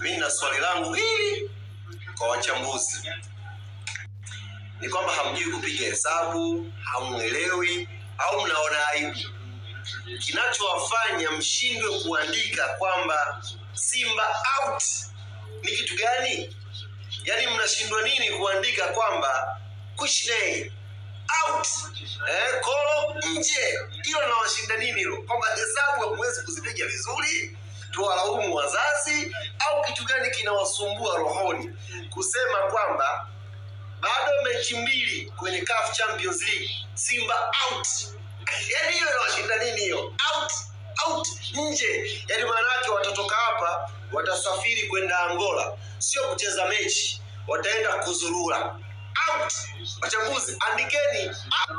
Mimi na swali langu hili kwa wachambuzi ni kwamba hamjui kupiga hesabu, hamwelewi au mnaona aibu. Kinachowafanya mshindwe kuandika kwamba Simba out ni kitu gani? Yaani mnashindwa nini kuandika kwamba Kushnei out eh, kolo nje. Hilo linawashinda nini hilo? Kwamba hesabu hakuwezi kuzipiga vizuri, tuwalaumu wazazi au kitu gani kinawasumbua rohoni, kusema kwamba bado mechi mbili kwenye CAF Champions League, Simba out. Yaani hiyo inawashinda nini hiyo? Out, out nje. Yaani maana watatoka hapa, watasafiri kwenda Angola, sio kucheza mechi, wataenda kuzurura. Out. Wachambuzi andikeni out.